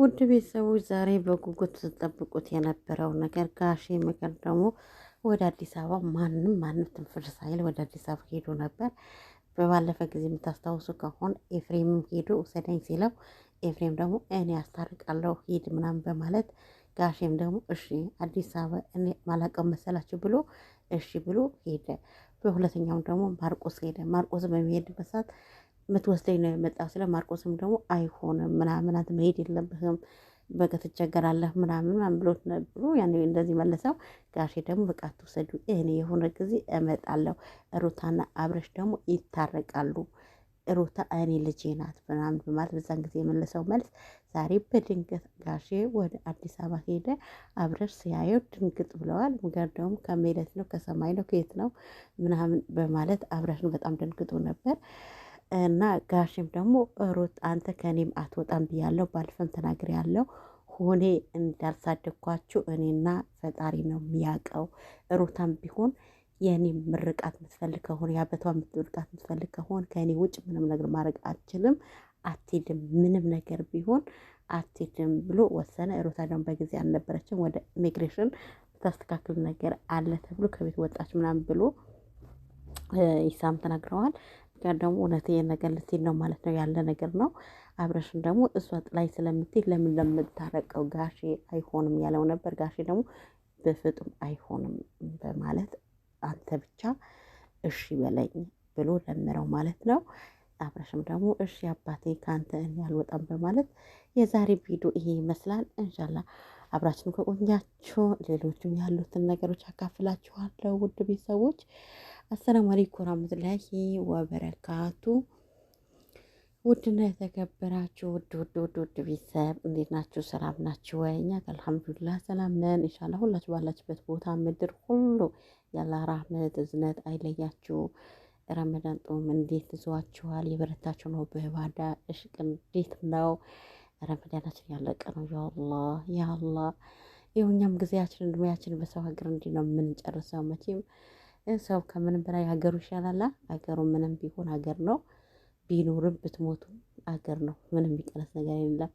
ውድ ቤተሰቦች ዛሬ በጉጉት ስጠብቁት የነበረው ነገር ጋሼ ምክር ደግሞ ወደ አዲስ አበባ ማንም ማንም ትንፍር ሳይል ወደ አዲስ አበባ ሄዶ ነበር። በባለፈ ጊዜ የምታስታውሱ ከሆን ኤፍሬምም ሄዶ ውሰደኝ ሲለው ኤፍሬም ደግሞ እኔ አስታርቃለሁ ሂድ ምናምን በማለት ጋሼም ደግሞ እሺ አዲስ አበባ እኔ ማላቀው መሰላችሁ ብሎ እሺ ብሎ ሄደ። በሁለተኛውም ደግሞ ማርቆስ ሄደ። ማርቆስ በሚሄድበት ሰዓት ምትወስደኝ ነው የመጣ ስለ ማርቆስም ደግሞ አይሆንም ምናምን አንተ መሄድ የለብህም በቃ ትቸገራለህ ምናምን ምናምን ብሎት ነብሩ ያን እንደዚህ መለሰው። ጋሼ ደግሞ በቃ ትውሰዱ እኔ የሆነ ጊዜ እመጣለሁ፣ ሩታና አብረሽ ደግሞ ይታረቃሉ፣ ሩታ እኔ ልጄ ናት ምናምን በማለት በዛን ጊዜ የመለሰው መልስ ዛሬ በድንገት ጋሼ ወደ አዲስ አበባ ሄደ። አብረሽ ሲያየው ድንግጥ ብለዋል። ምገር ደግሞ ከመሄደት ነው ከሰማይ ነው ከየት ነው ምናምን በማለት አብረሽን በጣም ደንግጦ ነበር። እና ጋሽም ደግሞ ሩት አንተ ከእኔም አትወጣም ብያለሁ፣ ባልፈም ተናግሬ ያለው ሆኔ እንዳልሳደግኳችሁ እኔና ፈጣሪ ነው የሚያውቀው። ሩታም ቢሆን የእኔ ምርቃት የምትፈልግ ከሆነ የአበቷ ምርቃት የምትፈልግ ከሆን ከእኔ ውጭ ምንም ነገር ማድረግ አልችልም፣ አትሄድም፣ ምንም ነገር ቢሆን አትሄድም ብሎ ወሰነ። ሩታ ደግሞ በጊዜ አልነበረችም። ወደ ኢሚግሬሽን ታስተካክል ነገር አለ ተብሎ ከቤት ወጣች ምናምን ብሎ ይሳም ተናግረዋል። ጋር ደግሞ እውነት ነገር ልትሄድ ነው ማለት ነው ያለ ነገር ነው። አብረሽን ደግሞ እሷ ጥላይ ስለምትሄድ ለምን ለምታረቀው ጋሼ አይሆንም ያለው ነበር። ጋሼ ደግሞ በፍጡም አይሆንም በማለት አንተ ብቻ እሺ በለኝ ብሎ ለምረው ማለት ነው። አብረሽም ደግሞ እሺ አባቴ ከአንተ እኔ አልወጣም በማለት የዛሬ ቪዲዮ ይሄ ይመስላል። እንሻላ አብራችን ከቆያችሁ ሌሎችም ያሉትን ነገሮች አካፍላችኋለሁ ውድ ቤተሰቦች። አሰላሙ አለይኩም ወራህመቱላሂ ወበረካቱ። ውድና የተከበራችሁ ውድ ውድ ውድ ውድ ቤተሰብ እንዴት ናችሁ? ሰላም ናችሁ ወይ? እኛ አልሐምዱሊላህ ሰላም ነን። ኢንሻአላህ ሁላችሁ ባላችሁበት ቦታ ምድር ሁሉ ያለ ራህመት እዝነት አይለያችሁ። ረመዳን ጾም እንዴት ይዟችኋል? የበረታችሁ ነው? በባዳ እሽቅ እንዴት ነው? ረመዳናችን ያለቀ ነው። ያአላህ ያአላህ ይኸው ጊዜያችን እድሜያችን በሰው ሀገር እንዲህ ነው የምንጨርሰው መቼም ሰው ከምንም በላይ ሀገሩ ይሻላላ። ሀገሩ ምንም ቢሆን ሀገር ነው። ቢኖርም ብትሞቱም ሀገር ነው። ምንም የሚቀነስ ነገር የለም።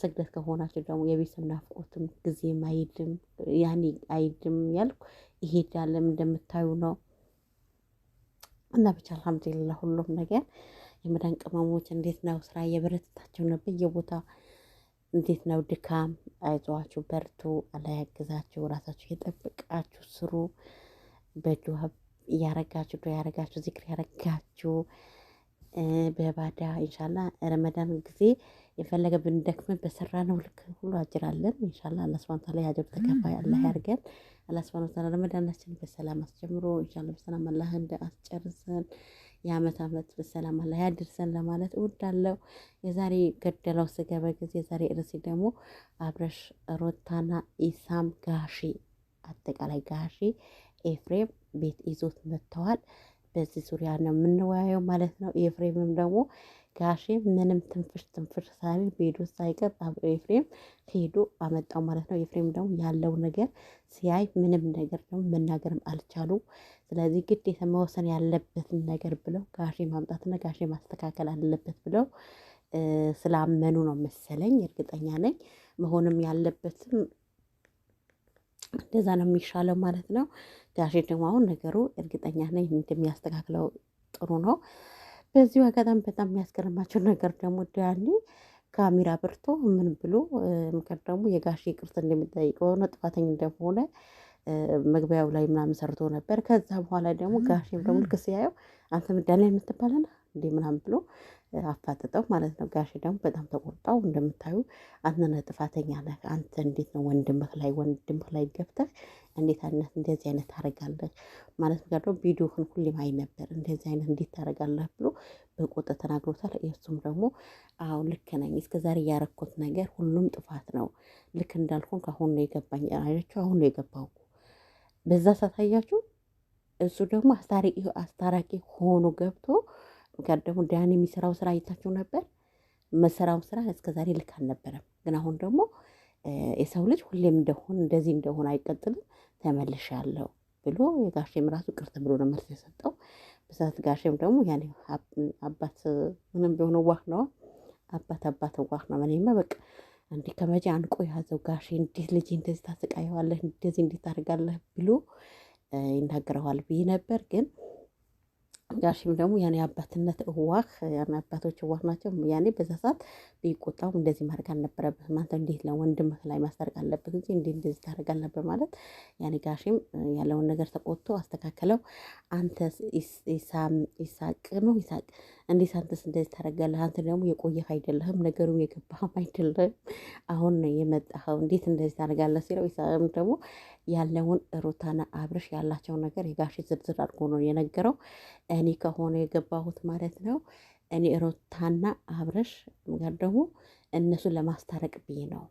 ስግደት ከሆናችሁ ደግሞ የቤተሰብ ናፍቆትም ጊዜም አይድም ያኔ አይድም ያልኩ ይሄዳለም እንደምታዩ ነው። እና ብቻ አልሐምዱሊላ ሁሉም ነገር የመዳን ቅመሞች እንዴት ነው? ስራ የበረታታቸው ነው። በየቦታው እንዴት ነው? ድካም አይዟችሁ፣ በርቱ፣ አላያግዛችሁ፣ ራሳችሁ የጠብቃችሁ ስሩ። በእጁ እያረጋችሁ ዶ ያረጋችሁ ዚክር ያረጋችሁ በባዳ እንሻላ ረመዳን ጊዜ የፈለገ ብንደክመን በሰራ ነው ልክ ሁሉ አጅራለን። እንሻላ አላ ስብን ታላ የአጀር ተከፋይ አላ ያርገን። አላ ስብን ታላ ረመዳናችን በሰላም አስጀምሮ እንሻላ በሰላም አላ እንደ አስጨርሰን የአመት አመት በሰላም አላ ያድርሰን ለማለት እወዳለሁ። የዛሬ ገደለው ስገበ ጊዜ የዛሬ ርዕሴ ደግሞ አብረሽ ሮታና ኢሳም ጋሺ አጠቃላይ ጋሺ ኤፍሬም ቤት ይዞት መጥተዋል። በዚህ ዙሪያ ነው የምንወያየው ማለት ነው። ኤፍሬምም ደግሞ ጋሼ ምንም ትንፍሽ ትንፍሽ ሳይል ቤዶ ሳይቀር ኤፍሬም ሄዶ አመጣው ማለት ነው። ኤፍሬም ደግሞ ያለው ነገር ሲያይ ምንም ነገር ደግሞ መናገርም አልቻሉም። ስለዚህ ግዴታ መወሰን ያለበትን ነገር ብለው ጋሼ ማምጣትና ጋሼ ማስተካከል አለበት ብለው ስላመኑ ነው መሰለኝ፣ እርግጠኛ ነኝ መሆንም ያለበትም እንደዛ ነው የሚሻለው ማለት ነው። ጋሼ ደግሞ አሁን ነገሩ እርግጠኛ ነኝ እንደሚያስተካክለው ጥሩ ነው። በዚሁ አጋጣሚ በጣም የሚያስገርማቸው ነገር ደግሞ ዳኒ ካሜራ ብርቶ ምን ብሎ ምክር ደግሞ የጋሽ ይቅርታ እንደሚጠይቀው ሆነ ጥፋተኛ እንደሆነ መግቢያው ላይ ምናምን ሰርቶ ነበር። ከዛ በኋላ ደግሞ ጋሼም ደግሞ ልክ ሲያየው አንተ ምዳና የምትባለና እንዴ ምናምን ብሎ አፋጥጠው ማለት ነው። ጋሽ ደግሞ በጣም ተቆጣው። እንደምታዩ አንተነ ጥፋተኛ ነህ አንተ እንዴት ነው ወንድምህ ላይ ወንድምህ ላይ ገብተህ እንዴት አይነት እንደዚህ አይነት ታደርጋለህ ማለት ነው። ደግሞ ቪዲዮህን ሁሌም አይ ነበር እንደዚህ አይነት እንዴት ታደርጋለህ ብሎ በቆጠ ተናግሮታል። እሱም ደግሞ አዎ ልክ ነኝ፣ እስከዛሬ ያረኩት ነገር ሁሉም ጥፋት ነው። ልክ እንዳልሆን ከአሁን ነው የገባኝ አለችው። አሁን ነው የገባው በዛ ሳታያችሁ እሱ ደግሞ አስታራቂ ሆኖ ገብቶ ምክንያቱም ደግሞ ዳን የሚሰራው ስራ አይታችሁ ነበር። መሰራው ስራ እስከዛሬ ልክ አልነበረም። ግን አሁን ደግሞ የሰው ልጅ ሁሌም እንደሆን እንደዚህ እንደሆን አይቀጥልም ተመልሻለሁ ብሎ የጋሼም ራሱ ቅርት ብሎ ነው መልስ የሰጠው። በሰዓት ጋሼም ደግሞ ያኔ አባት ምንም ቢሆን ዋህ ነው አባት አባት ዋህ ነው እኔማ በቃ እንዲ ከመቼ አንቆ የያዘው ጋሼ እንዴት ልጅ እንደዚህ ታስቃየዋለህ እንደዚህ እንዴት ታደርጋለህ ብሎ ይናገረዋል ብዬ ነበር ግን ጋሽም ደግሞ ያኔ አባትነት እዋህ ያኔ አባቶች እዋህ ናቸው። ያኔ በዛ ሰዓት ቢቆጣው እንደዚህ ማድረግ አልነበረብህም አንተ እንዴት ለወንድምህ ላይ ማስታረቅ አለብህ እንጂ እንዴ እንደዚህ ታደርግ አልነበር ማለት ያኔ ጋሽም ያለውን ነገር ተቆጥቶ አስተካከለው። አንተ ይሳቅ ነው ይሳቅ እንዴት አንተስ እንደዚህ ታደርጋለህ? አንተ ደግሞ የቆየህ አይደለህም፣ ነገሩ የገባህም አይደለህም። አሁን የመጣኸው እንዴት እንደዚህ ታደርጋለህ ሲለው ይሳቅም ደግሞ ያለውን ሩታና አብርሽ ያላቸው ነገር የጋሽ ዝርዝር አድርጎ ነው የነገረው። እኔ ከሆነ የገባሁት ማለት ነው። እኔ ሩታና አብርሽ ጋር ደግሞ እነሱ ለማስታረቅ ብዬ ነው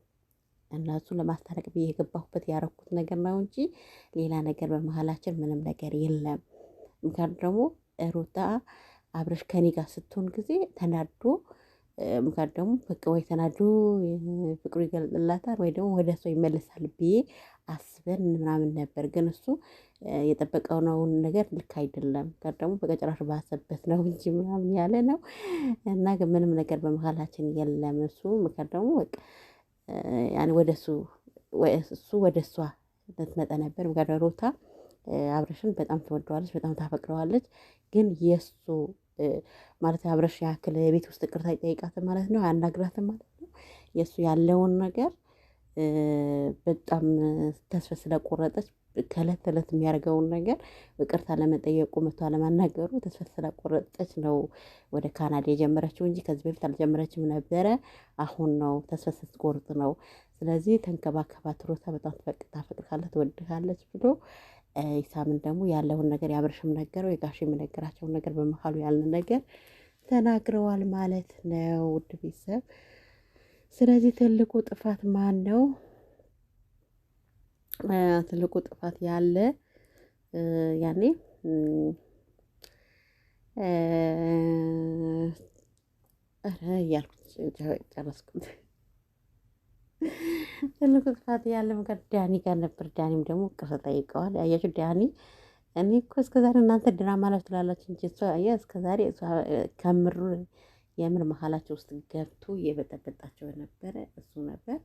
እነሱ ለማስታረቅ ብዬ የገባሁበት ያረኩት ነገር ነው እንጂ ሌላ ነገር በመሀላችን ምንም ነገር የለም። ምክንያቱም ደግሞ ሩታ አብርሽ ከኔ ጋር ስትሆን ጊዜ ተናዶ ምክንያት ደግሞ በቃ ወይ ተናዶ ፍቅሩ ይገልጥላታል ወይ ደግሞ ወደ ሰው ይመለሳል ብዬ አስበን ምናምን ነበር። ግን እሱ የጠበቀውን ነገር ልክ አይደለም። ምክንያት ደግሞ በቀጭራሽ ባሰበት ነው እንጂ ምናምን ያለ ነው እና ግን ምንም ነገር በመካከላችን የለም። እሱ ምክንያት ደግሞ በቃ ያን ወደ እሱ እሱ ወደ እሷ ልትመጣ ነበር። ምክንያት ሮታ አብረሽን በጣም ትወደዋለች፣ በጣም ታፈቅረዋለች። ግን የእሱ ማለት አብረሽ ያክል የቤት ውስጥ ቅርታ ይጠይቃትን ማለት ነው፣ አናግራትን ማለት ነው። የእሱ ያለውን ነገር በጣም ተስፋ ስለቆረጠች ከእለት ተእለት የሚያደርገውን ነገር ይቅርታ ለመጠየቁ መቷ ለማናገሩ ተስፋ ስለቆረጠች ነው ወደ ካናዳ የጀመረችው እንጂ ከዚህ በፊት አልጀመረችም ነበረ። አሁን ነው ተስፋ ስትቆርጥ ነው። ስለዚህ ተንከባከባት፣ ሮታ በጣም ትፈቅድ ታፈቅርካለች፣ ትወድካለች ብሎ ኢሳምን ደግሞ ያለውን ነገር ያብርሽም ነገረው የጋሽ የነገራቸውን ነገር በመሀሉ ያለን ነገር ተናግረዋል ማለት ነው ውድ ቤተሰብ። ስለዚህ ትልቁ ጥፋት ማን ነው? ትልቁ ጥፋት ያለ ያኔ እረ እያልኩት ጨረስኩት። ትልቁ ጥፋት ያለ ነገር ዳኒ ጋር ነበር። ዳኒም ደግሞ ቅር ጠይቀዋል። ያያችሁ ዳኒ እኔ እኮ እስከዛሬ እናንተ ድራማ ላይ ትላላችሁ እንጂ እሷ እስከዛሬ ከምሩ የምር መሀላቸው ውስጥ ገብቶ የበጠበጣቸው ነበረ እሱ ነበር።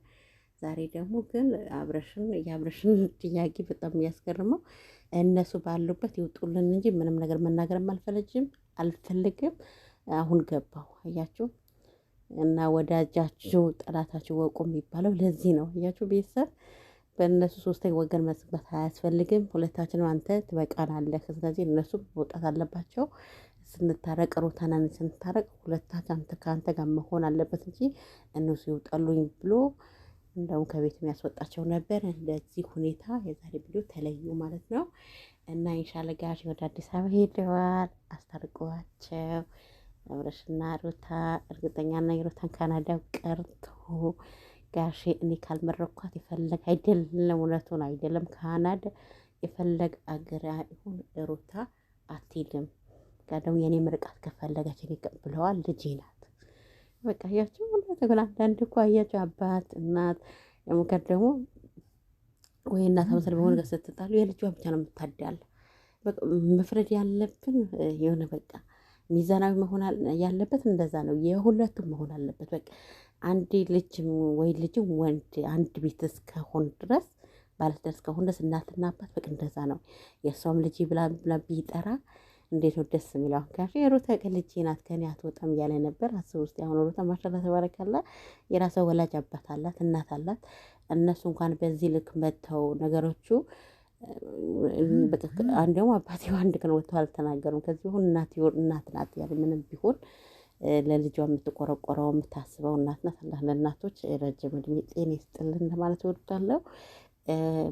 ዛሬ ደግሞ ግን አብረሽን የአብረሽን ጥያቄ በጣም የሚያስገርመው እነሱ ባሉበት ይውጡልን እንጂ ምንም ነገር መናገርም አልፈለጅም አልፈልግም። አሁን ገባሁ አያችሁ። እና ወዳጃችሁ ጠላታችሁ ወቁ የሚባለው ለዚህ ነው። እያችሁ ቤተሰብ በእነሱ ሶስተኝ ወገን መስበት አያስፈልግም። ሁለታችንም አንተ ትበቃናለህ። ስለዚህ እነሱ መውጣት አለባቸው። ስንታረቅ ሩታናን ስንታረቅ ሁለታችን አንተ ከአንተ ጋር መሆን አለበት እንጂ እነሱ ይውጣሉኝ ብሎ እንደውም ከቤት የሚያስወጣቸው ነበር። እንደዚህ ሁኔታ የዛሬ ቪዲዮ ተለዩ ማለት ነው እና ኢንሻላህ ጋር ወደ አዲስ አበባ ሄደዋል። አስታርቀዋቸው አብረሽና ሩታ እርግጠኛ ና የሩታን ካናዳው ቀርቶ ጋሼ እኔ ካልመረኳት የፈለግ አይደለም፣ እውነቱን አይደለም። ካናዳ የፈለግ አገር ይሁን ሩታ አትሄድም። ደግሞ የኔ ምርቃት ከፈለገች ብለዋል። ልጅ ናት በቃ ያቸው ሁለት ግን አንዳንድ እኮ አያቸው አባት እናት የሙከር ደግሞ ወይ እናት መሰል በሆነ ጋር ስትጣሉ የልጇ ብቻ ነው የምታዳለ መፍረድ ያለብን የሆነ በቃ ሚዛናዊ መሆን ያለበት እንደዛ ነው። የሁለቱም መሆን አለበት። በቃ አንድ ልጅ ወይ ልጅ ወንድ አንድ ቤት እስከሆን ድረስ ባለትዳር እስከሆን ድረስ እናትና አባት በቃ እንደዛ ነው። የእሷም ልጅ ብላ ብላ ቢጠራ እንዴት ነው ደስ የሚለው? አሁን የሩታ ቀን ቅልጅ ናት ከኔ አትወጣም እያለ ነበር። አስብ ውስጥ ያሁን ሩታ ማሻላ ተባረካላ፣ የራሷ ወላጅ አባት አላት፣ እናት አላት። እነሱ እንኳን በዚህ ልክ መጥተው ነገሮቹ አንዲያውም አባቴ አንድ ቀን ወጥቶ አልተናገሩም። ከዚህ ሁን እናት እናት ናት ያለ ምንም ቢሆን ለልጇ የምትቆረቆረው የምታስበው እናት ናት። አላህ ለእናቶች ረጅም እድሜ ጤና ይስጥልን ለማለት እወዳለሁ።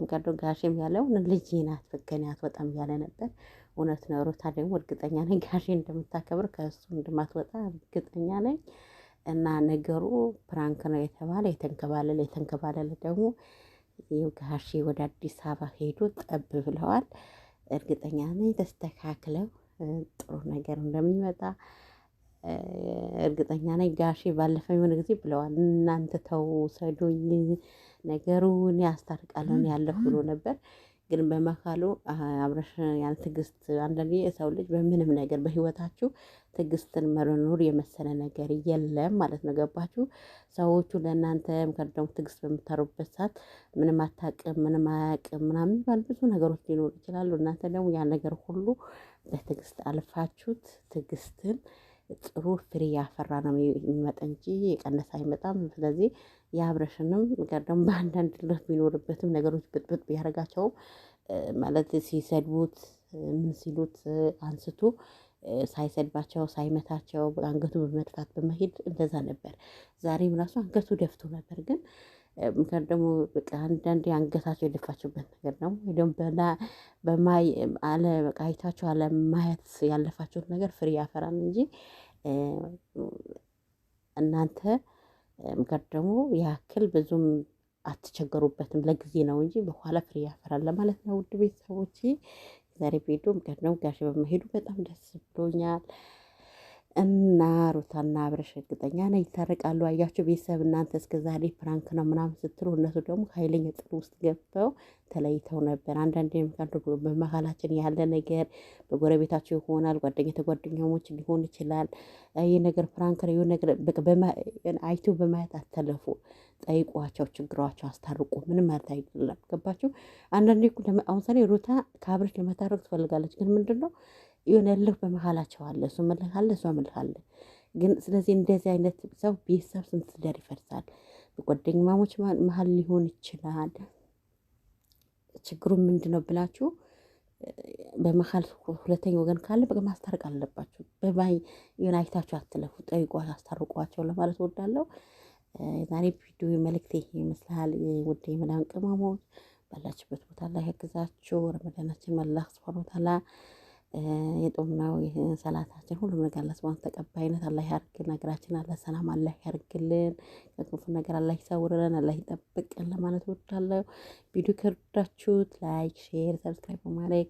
ምቀዶ ጋሼም ያለው ልጅ ናት ፍገንያት በጣም እያለ ነበር። እውነት ነው። ሮታ ደግሞ እርግጠኛ ነኝ ጋሼ እንደምታከብር ከእሱ እንደማትወጣ እርግጠኛ ነኝ። እና ነገሩ ፕራንክ ነው የተባለ የተንከባለለ የተንከባለለ ደግሞ ይኸው ጋሼ ወደ አዲስ አበባ ሄዶ ጠብ ብለዋል። እርግጠኛ ነኝ ተስተካክለው ጥሩ ነገር እንደሚመጣ እርግጠኛ ነኝ። ጋሼ ባለፈው የሆነ ጊዜ ብለዋል፣ እናንተ ተው ሰዱኝ፣ ነገሩን ያስታርቃለን ያለሁ ብሎ ነበር። ግን በመካሉ አብረሽ ያን ትግስት አንዳንዴ የሰው ልጅ በምንም ነገር በህይወታችሁ ትግስትን መኖር የመሰለ ነገር የለም ማለት ነው። ገባችሁ? ሰዎቹ ለእናንተ ምከደሙ ትግስት በምታሩበት ሰዓት ምንም አታቅም ምንም አያቅም ምናምን ባል ብዙ ነገሮች ሊኖሩ ይችላሉ። እናንተ ደግሞ ያ ነገር ሁሉ በትግስት አልፋችሁት ትግስትን ጥሩ ፍሬ ያፈራ ነው የሚመጣ እንጂ የቀነሰ አይመጣም። ስለዚህ የአብረሽንም ደግሞ በአንዳንድ ድረት ቢኖርበትም ነገሮች ብጥብጥ ቢያደርጋቸውም ማለት ሲሰድቡት ምን ሲሉት አንስቶ ሳይሰድባቸው ሳይመታቸው አንገቱ በመድፋት በመሄድ እንደዛ ነበር። ዛሬም ራሱ አንገቱ ደፍቶ ነበር ግን ምክንያት ደግሞ በቃ አንዳንዴ አንገታቸው የደፋቸውበት ነገር ደግሞ ደግሞ በማይ አለ በቃ አለ ማየት ነገር ፍሬ ያፈራል እንጂ እናንተ ምክር ደግሞ ያክል ብዙም አትቸገሩበትም ለጊዜ ነው እንጂ በኋላ ፍሬ ያፈራል ማለት ነው። ውድ ቤተሰቦች ዛሬ ቤዶ ምክንያት ነው ጋሽ በመሄዱ በጣም ደስ ብሎኛል። እና ሩታና አብርሽ እርግጠኛ ነኝ ይታረቃሉ። አያችሁ ቤተሰብ እናንተ እስከ ዛሬ ፕራንክ ነው ምናምን ስትሉ እነሱ ደግሞ ከኃይለኛ ጥል ውስጥ ገብተው ተለይተው ነበር። አንዳንዴ በመካከላችን ያለ ነገር በጎረቤታቸው ይሆናል፣ ጓደኛ ተጓደኛሞች ሊሆን ይችላል። ይህ ነገር ፕራንክ ነው ነገር አይቱ በማየት አተለፉ። ጠይቋቸው፣ ችግሯቸው አስታርቁ። ምንም ማለት አይደለም። ገባችሁ? አንዳንዴ አሁን ሩታ ከአብርሽ ለመታረቅ ትፈልጋለች፣ ግን ምንድን ነው የሆነ ልህ በመካከላቸው አለ። እሱ እልህ አለ፣ እሷም እልህ አለ። ግን ስለዚህ እንደዚህ አይነት ሰው ቤተሰብ ስንት ትዳር ይፈርሳል። በጓደኛማሞች መሀል ሊሆን ይችላል። ችግሩ ምንድን ነው ብላችሁ በመሀል ሁለተኛ ወገን ካለ በቃ ማስታረቅ አለባችሁ። በባይ የሆነ አይታችሁ አትለፉ፣ ጠይቋት፣ አስታርቋቸው ለማለት ወዳለው ዛሬ ቪዲዮ መልእክት ይሄ ይመስላል። ውድ የመዳን ቅመሞች ባላችሁበት ቦታ ላይ ያግዛችሁ። ረመዳናችን መላክ ስብሃነ ወተዓላ የጦምናው ሰላታችን ሁሉ ነገር ለስማን ተቀባይነት አላህ ያርግን። ነገራችን አለ ሰላም አላህ ያርግልን። ከክፉ ነገር አላህ ይሰውርልን፣ አላህ ይጠብቅን ለማለት ወዳለው ቪዲዮ ከርዳችሁት ላይክ፣ ሼር፣ ሰብስክራይብ በማድረግ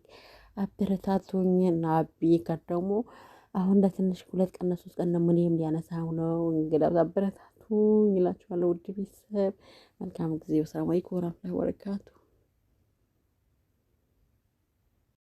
አበረታቱኝ። እና ቢከር ደግሞ አሁን ለትንሽ ሁለት ቀን ሶስት ቀን ምን ይም ሊያነሳው ነው እንግዲህ አበረታቱኝ ይላችኋለሁ። ውድ ቤተሰብ መልካም ጊዜ። ሰላም አለይኩም ወራህመቱላሂ ወበረካቱ